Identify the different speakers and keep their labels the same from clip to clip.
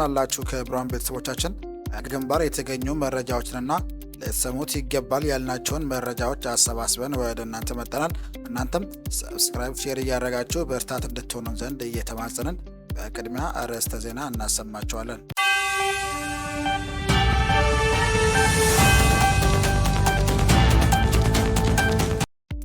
Speaker 1: እንደምን አላችሁ ከብርሃን ቤተሰቦቻችን። ግንባር የተገኙ መረጃዎችንና ልትሰሙት ይገባል ያልናቸውን መረጃዎች አሰባስበን ወደ እናንተ መጠናል። እናንተም ሰብስክራይብ፣ ሼር እያደረጋችሁ በእርታት እንድትሆኑን ዘንድ እየተማጸንን በቅድሚያ ርዕስተ ዜና እናሰማቸዋለን።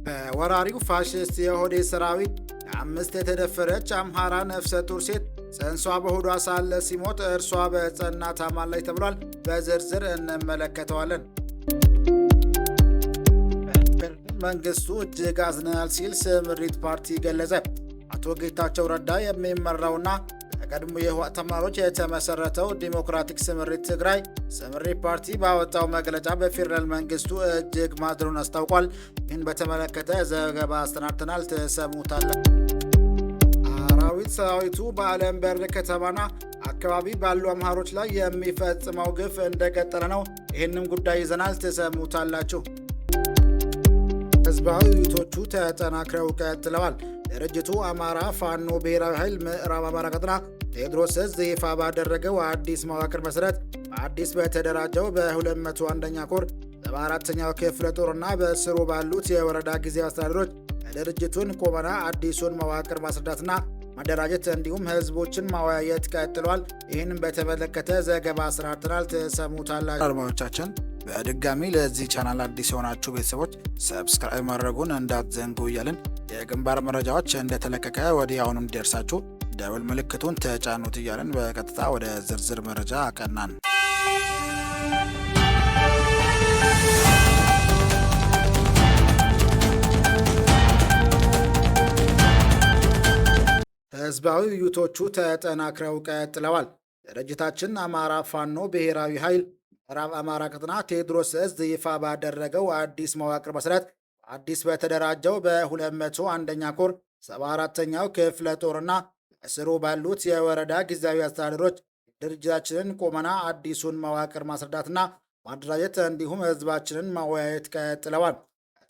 Speaker 2: በወራሪው ፋሽስት የኦህዴድ ሰራዊት ለአምስት የተደፈረች አምሃራ ነፍሰ ጡር ሴት ጽንሷ በሆዷ ሳለ ሲሞት እርሷ በጸና ታማለች ተብሏል። በዝርዝር እንመለከተዋለን። መንግስቱ እጅግ አዝነናል ሲል ስምሪት ፓርቲ ገለጸ። አቶ ጌታቸው ረዳ የሚመራውና በቀድሞ የህወሓት ተማሪዎች የተመሰረተው ዲሞክራቲክ ስምሪት ትግራይ ስምሪት ፓርቲ ባወጣው መግለጫ በፌዴራል መንግስቱ እጅግ ማዝኑን አስታውቋል። ይህን በተመለከተ ዘገባ አስተናድተናል። ትሰሙታለን። ሰራዊት ሰራዊቱ በዓለም በር ከተማና አካባቢ ባሉ አምሃሮች ላይ የሚፈጽመው ግፍ እንደቀጠለ ነው። ይህንም ጉዳይ ይዘናል፣ ትሰሙታላችሁ። ህዝባዊ ውይይቶቹ ተጠናክረው ቀጥለዋል። ድርጅቱ አማራ ፋኖ ብሔራዊ ኃይል ምዕራብ አማራ ቀጠና ቴዎድሮስ እዝ ይፋ ባደረገው አዲስ መዋቅር መሠረት በአዲስ በተደራጀው በ201ኛ ኮር በአራተኛው ክፍለ ጦርና በስሩ ባሉት የወረዳ ጊዜ አስተዳደሮች የድርጅቱን ቆመና አዲሱን መዋቅር ማስረዳትና ማደራጀት እንዲሁም ህዝቦችን ማወያየት ቀጥሏል። ይህንም በተመለከተ ዘገባ ስራርተናል፣ ትሰሙታላችሁ።
Speaker 3: አድማጮቻችን በድጋሚ ለዚህ ቻናል አዲስ የሆናችሁ ቤተሰቦች ሰብስክራይብ ማድረጉን እንዳትዘንጉ እያልን የግንባር መረጃዎች እንደተለቀቀ ወዲያውኑ እንዲደርሳችሁ ደብል ምልክቱን ተጫኑት እያልን በቀጥታ ወደ ዝርዝር መረጃ አቀናን።
Speaker 2: ህዝባዊ ውይይቶቹ ተጠናክረው ቀጥለዋል። ድርጅታችን አማራ ፋኖ ብሔራዊ ኃይል ምዕራብ አማራ ቅጥና ቴዎድሮስ እዝ ይፋ ባደረገው አዲስ መዋቅር መሰረት አዲስ በተደራጀው በ201ኛ ኮር 74ኛው ክፍለ ጦርና እስሩ ባሉት የወረዳ ጊዜያዊ አስተዳደሮች ድርጅታችንን ቁመና፣ አዲሱን መዋቅር ማስረዳትና ማደራጀት እንዲሁም ህዝባችንን ማወያየት ቀጥለዋል።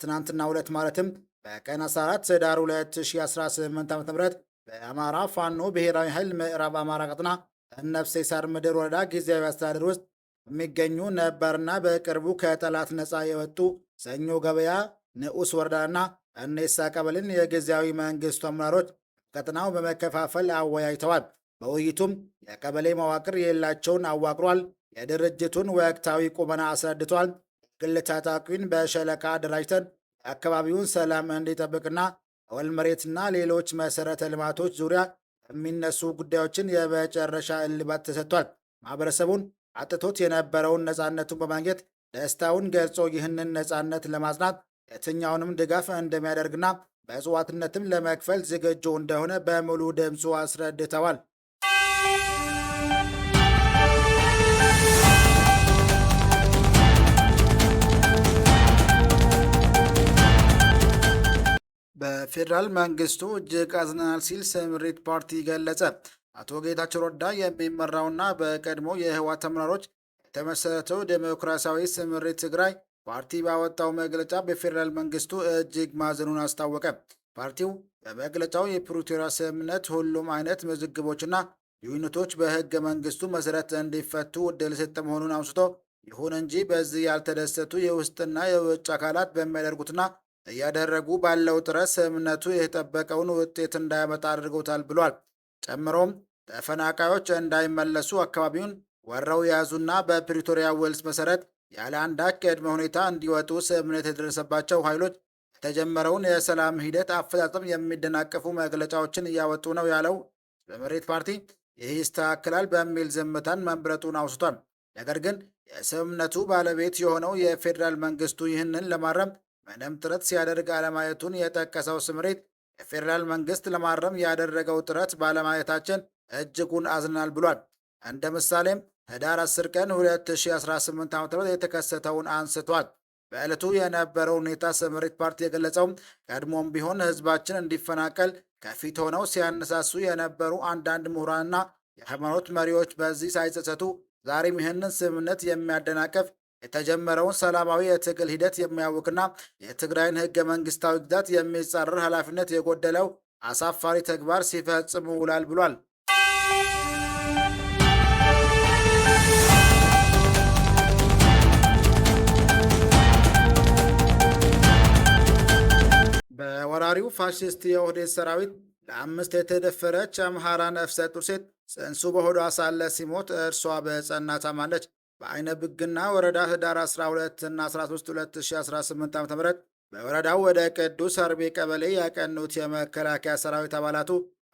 Speaker 2: ትናንትና ሁለት ማለትም በቀን 14 ህዳር 2018 ዓ ም በአማራ ፋኖ ብሔራዊ ኃይል ምዕራብ አማራ ቀጥና እነፍሴ ሳር ምድር ወረዳ ጊዜያዊ አስተዳደር ውስጥ የሚገኙ ነበርና በቅርቡ ከጠላት ነፃ የወጡ ሰኞ ገበያ ንዑስ ወረዳና እኔሳ ቀበልን የጊዜያዊ መንግስቱ አመራሮች ቀጥናው በመከፋፈል አወያይተዋል። በውይይቱም የቀበሌ መዋቅር የሌላቸውን አዋቅሯል። የድርጅቱን ወቅታዊ ቁመና አስረድቷል። ግል ታጣቂውን በሸለቃ አደራጅተን የአካባቢውን ሰላም እንዲጠብቅና ወል መሬትና ሌሎች መሰረተ ልማቶች ዙሪያ የሚነሱ ጉዳዮችን የመጨረሻ እልባት ተሰጥቷል። ማህበረሰቡን አጥቶት የነበረውን ነፃነቱን በማግኘት ደስታውን ገልጾ ይህንን ነፃነት ለማጽናት የትኛውንም ድጋፍ እንደሚያደርግና በእጽዋትነትም ለመክፈል ዝግጁ እንደሆነ በሙሉ ድምፁ አስረድተዋል። ፌዴራል መንግስቱ እጅግ አዝነናል ሲል ስምሪት ፓርቲ ገለጸ። አቶ ጌታቸው ረዳ የሚመራውና በቀድሞ የህወሓት አመራሮች የተመሰረተው ዴሞክራሲያዊ ስምሪት ትግራይ ፓርቲ ባወጣው መግለጫ በፌዴራል መንግስቱ እጅግ ማዘኑን አስታወቀ። ፓርቲው በመግለጫው የፕሪቶሪያ ስምምነት ሁሉም አይነት ምዝግቦችና ልዩነቶች በህገ መንግስቱ መሰረት እንዲፈቱ ዕድል የሰጠ መሆኑን አውስቶ ይሁን እንጂ በዚህ ያልተደሰቱ የውስጥና የውጭ አካላት በሚያደርጉትና እያደረጉ ባለው ጥረት ስምምነቱ የተጠበቀውን ውጤት እንዳያመጣ አድርገውታል ብሏል። ጨምሮም ተፈናቃዮች እንዳይመለሱ አካባቢውን ወረው የያዙና በፕሪቶሪያ ውልስ መሰረት ያለ አንዳች ቅድመ ሁኔታ እንዲወጡ ስምምነት የደረሰባቸው ኃይሎች የተጀመረውን የሰላም ሂደት አፈጻጸም የሚደናቀፉ መግለጫዎችን እያወጡ ነው ያለው በመሬት ፓርቲ ይህ ይስተካከላል በሚል ዝምታን መምረጡን አውስቷል። ነገር ግን የስምምነቱ ባለቤት የሆነው የፌዴራል መንግስቱ ይህንን ለማረም ምንም ጥረት ሲያደርግ አለማየቱን የጠቀሰው ስምሪት የፌዴራል መንግስት ለማረም ያደረገው ጥረት ባለማየታችን እጅጉን አዝናል ብሏል። እንደ ምሳሌም ህዳር 10 ቀን 2018 ዓ.ም የተከሰተውን አንስቷል። በዕለቱ የነበረው ሁኔታ ስምሪት ፓርቲ የገለጸው ቀድሞም ቢሆን ህዝባችን እንዲፈናቀል ከፊት ሆነው ሲያነሳሱ የነበሩ አንዳንድ ምሁራንና የሃይማኖት መሪዎች በዚህ ሳይጸጸቱ ዛሬም ይህንን ስምምነት የሚያደናቀፍ የተጀመረውን ሰላማዊ የትግል ሂደት የሚያውቅና የትግራይን ህገ መንግስታዊ ግዛት የሚጻረር ኃላፊነት የጎደለው አሳፋሪ ተግባር ሲፈጽሙ ውላል ብሏል። በወራሪው ፋሽስት የኦህዴድ ሰራዊት ለአምስት የተደፈረች አምሃራ ነፍሰ ጡር ሴት ጽንሱ በሆዷ ሳለ ሲሞት እርሷ በጸና ታማለች። በአይነ ብግና ወረዳ ህዳር 12 እና 13 2018 ዓ ም በወረዳው ወደ ቅዱስ አርቤ ቀበሌ ያቀኑት የመከላከያ ሰራዊት አባላቱ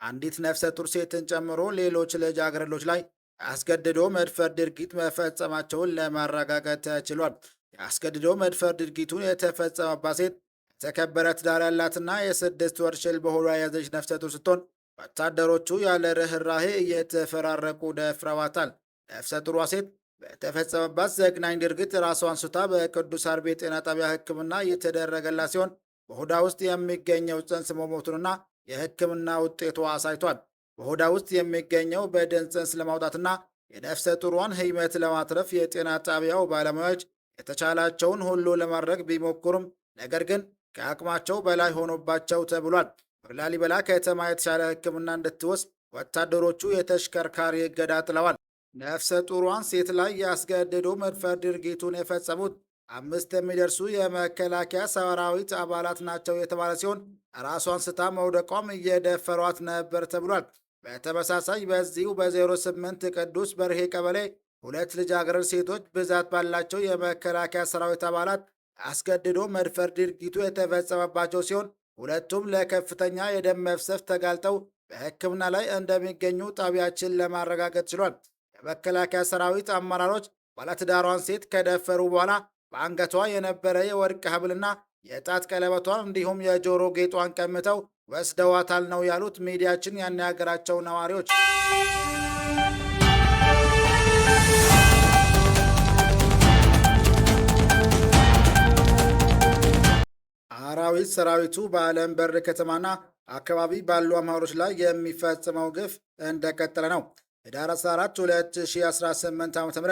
Speaker 2: አንዲት ነፍሰ ጡር ሴትን ጨምሮ ሌሎች ልጃገረዶች ላይ የአስገድዶ መድፈር ድርጊት መፈጸማቸውን ለማረጋገጥ ተችሏል። የአስገድዶ መድፈር ድርጊቱን የተፈጸመባት ሴት የተከበረ ትዳር ያላትና የስድስት ወር ሽል በሆዷ የያዘች ነፍሰ ጡር ስትሆን ወታደሮቹ ያለ ርኅራሄ እየተፈራረቁ ደፍረዋታል። ነፍሰ ጡሯ ሴት በተፈጸመባት ዘግናኝ ድርጊት ራሷን አንስታ በቅዱስ አርቤ ጤና ጣቢያ ሕክምና እየተደረገላት ሲሆን በሆዷ ውስጥ የሚገኘው ጽንስ መሞቱንና የሕክምና ውጤቷ አሳይቷል። በሆዷ ውስጥ የሚገኘው በደን ጽንስ ለማውጣትና የነፍሰ ጡሯን ህይመት ለማትረፍ የጤና ጣቢያው ባለሙያዎች የተቻላቸውን ሁሉ ለማድረግ ቢሞክሩም ነገር ግን ከአቅማቸው በላይ ሆኖባቸው ተብሏል። በላሊበላ ከተማ የተሻለ ሕክምና እንድትወስድ ወታደሮቹ የተሽከርካሪ እገዳ ጥለዋል። ነፍሰ ጡሯን ሴት ላይ ያስገድዶ መድፈር ድርጊቱን የፈጸሙት አምስት የሚደርሱ የመከላከያ ሰራዊት አባላት ናቸው የተባለ ሲሆን ራሷን ስታ መውደቋም እየደፈሯት ነበር ተብሏል። በተመሳሳይ በዚሁ በ08 ቅዱስ በርሄ ቀበሌ ሁለት ልጃገረድ ሴቶች ብዛት ባላቸው የመከላከያ ሰራዊት አባላት አስገድዶ መድፈር ድርጊቱ የተፈጸመባቸው ሲሆን ሁለቱም ለከፍተኛ የደም መፍሰፍ ተጋልጠው በሕክምና ላይ እንደሚገኙ ጣቢያችን ለማረጋገጥ ችሏል። የመከላከያ ሰራዊት አመራሮች ባለትዳሯን ሴት ከደፈሩ በኋላ በአንገቷ የነበረ የወርቅ ሀብልና የጣት ቀለበቷን እንዲሁም የጆሮ ጌጧን ቀምተው ወስደዋታል ነው ያሉት ሚዲያችን ያነጋገራቸው ነዋሪዎች። አራዊት ሰራዊቱ በአለም በር ከተማና አካባቢ ባሉ አማሮች ላይ የሚፈጽመው ግፍ እንደቀጠለ ነው። ህዳር 14 2018 ዓ ም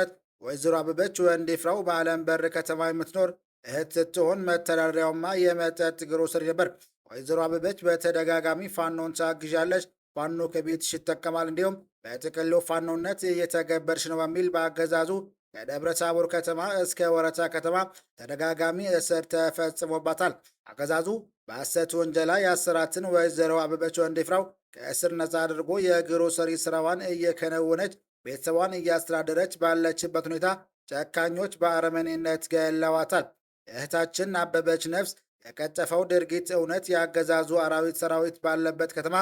Speaker 2: ወይዘሮ አበበች ወንዲፍራው በዓለም በር ከተማ የምትኖር እህት ስትሆን መተዳደሪያውማ የመጠጥ ግሮሰሪ ነበር። ወይዘሮ አበበች በተደጋጋሚ ፋኖን ታግዣለች፣ ፋኖ ከቤትሽ ይጠቀማል፣ እንዲሁም በጥቅሉ ፋኖነት እየተገበርሽ ነው በሚል በአገዛዙ ከደብረ ታቦር ከተማ እስከ ወረታ ከተማ ተደጋጋሚ እስር ተፈጽሞባታል። አገዛዙ በሐሰት ወንጀላ ያሰራትን ወይዘሮ አበበች ወንዲፍራው ከእስር ነጻ አድርጎ የግሮሰሪ ስራዋን እየከነወነች ቤተሰቧን እያስተዳደረች ባለችበት ሁኔታ ጨካኞች በአረመኔነት ገለዋታል። የእህታችን አበበች ነፍስ የቀጠፈው ድርጊት እውነት የአገዛዙ አራዊት ሰራዊት ባለበት ከተማ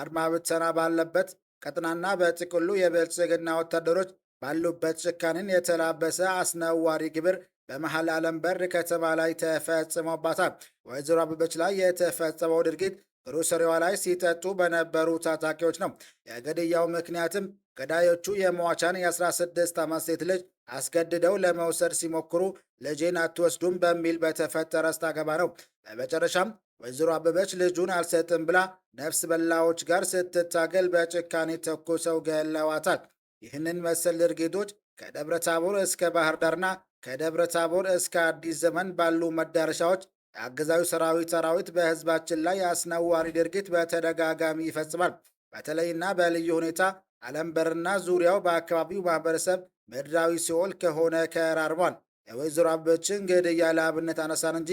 Speaker 2: አድማ ብተና ባለበት ቀጥናና በጥቅሉ የብልጽግና ወታደሮች ባሉበት ጭካኔን የተላበሰ አስነዋሪ ግብር በመሃል ዓለም በር ከተማ ላይ ተፈጽሞባታል። ወይዘሮ አበበች ላይ የተፈጸመው ድርጊት ሩሰሪዋ ላይ ሲጠጡ በነበሩ ታጣቂዎች ነው። የግድያው ምክንያትም ገዳዮቹ የመዋቻን የ16 ዓመት ሴት ልጅ አስገድደው ለመውሰድ ሲሞክሩ ልጄን አትወስዱም በሚል በተፈጠረ ስታገባ ነው። በመጨረሻም ወይዘሮ አበበች ልጁን አልሰጥም ብላ ነፍስ በላዎች ጋር ስትታገል በጭካኔ ተኩሰው ገለዋታል። ይህንን መሰል ድርጊቶች ከደብረ ታቦር እስከ ባህር ዳርና ከደብረ ታቦር እስከ አዲስ ዘመን ባሉ መዳረሻዎች የአገዛዙ ሰራዊት ሰራዊት በህዝባችን ላይ የአስነዋሪ ድርጊት በተደጋጋሚ ይፈጽማል። በተለይና በልዩ ሁኔታ ዓለም በርና ዙሪያው በአካባቢው ማህበረሰብ ምድራዊ ሲኦል ከሆነ ከራርሟል። የወይዘሮ አበበችን ግድያ ለአብነት አነሳን እንጂ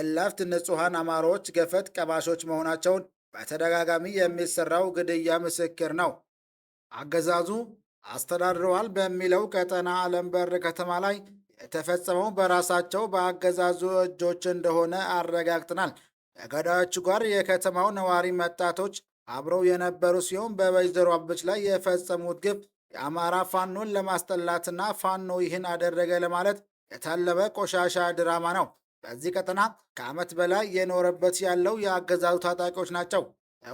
Speaker 2: እላፍት ንጹሐን አማሮች ገፈት ቀባሾች መሆናቸውን በተደጋጋሚ የሚሰራው ግድያ ምስክር ነው። አገዛዙ አስተዳድረዋል በሚለው ቀጠና ዓለም በር ከተማ ላይ የተፈጸመው በራሳቸው በአገዛዙ እጆች እንደሆነ አረጋግጠናል። ከገዳዮቹ ጋር የከተማው ነዋሪ መጣቶች አብረው የነበሩ ሲሆን በወይዘሮ አበች ላይ የፈጸሙት ግብ የአማራ ፋኖን ለማስጠላትና ፋኖ ይህን አደረገ ለማለት የታለመ ቆሻሻ ድራማ ነው። በዚህ ቀጠና ከዓመት በላይ የኖረበት ያለው የአገዛዙ ታጣቂዎች ናቸው።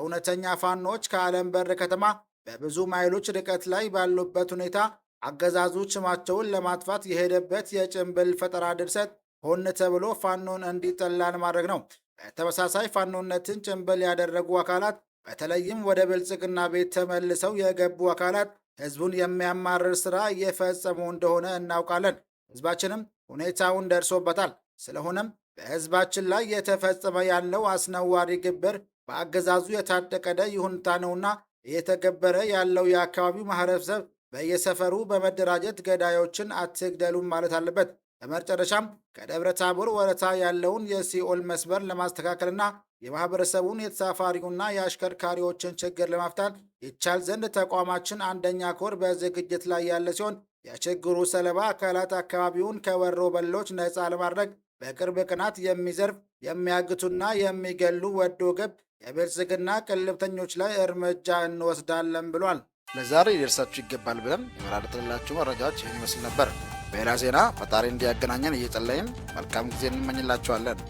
Speaker 2: እውነተኛ ፋኖዎች ከዓለም በር ከተማ በብዙ ማይሎች ርቀት ላይ ባሉበት ሁኔታ አገዛዙ ስማቸውን ለማጥፋት የሄደበት የጭንብል ፈጠራ ድርሰት ሆን ተብሎ ፋኖን እንዲጠላን ማድረግ ነው። በተመሳሳይ ፋኖነትን ጭንብል ያደረጉ አካላት በተለይም ወደ ብልጽግና ቤት ተመልሰው የገቡ አካላት ህዝቡን የሚያማርር ስራ እየፈጸሙ እንደሆነ እናውቃለን። ህዝባችንም ሁኔታውን ደርሶበታል። ስለሆነም በህዝባችን ላይ የተፈጸመ ያለው አስነዋሪ ግብር በአገዛዙ የታደቀደ ይሁንታ ነውና እየተገበረ ያለው የአካባቢው ማህበረሰብ በየሰፈሩ በመደራጀት ገዳዮችን አትግደሉም ማለት አለበት። በመጨረሻም ከደብረ ታቦር ወረታ ያለውን የሲኦል መስበር ለማስተካከልና የማህበረሰቡን የተሳፋሪውና የአሽከርካሪዎችን ችግር ለማፍታት ይቻል ዘንድ ተቋማችን አንደኛ ኮር በዝግጅት ላይ ያለ ሲሆን የችግሩ ሰለባ አካላት አካባቢውን ከወሮ በሎች ነፃ ለማድረግ በቅርብ ቅናት የሚዘርፍ የሚያግቱና የሚገሉ ወዶ ገብ የብልጽግና ቅልብተኞች ላይ እርምጃ እንወስዳለን ብሏል።
Speaker 3: ለዛሬ ሊደርሳችሁ ይገባል ብለን የመራረጥንላችሁ መረጃዎች ይህን ይመስል ነበር። በሌላ ዜና ፈጣሪ እንዲያገናኘን እየጸለይን መልካም ጊዜ እንመኝላችኋለን።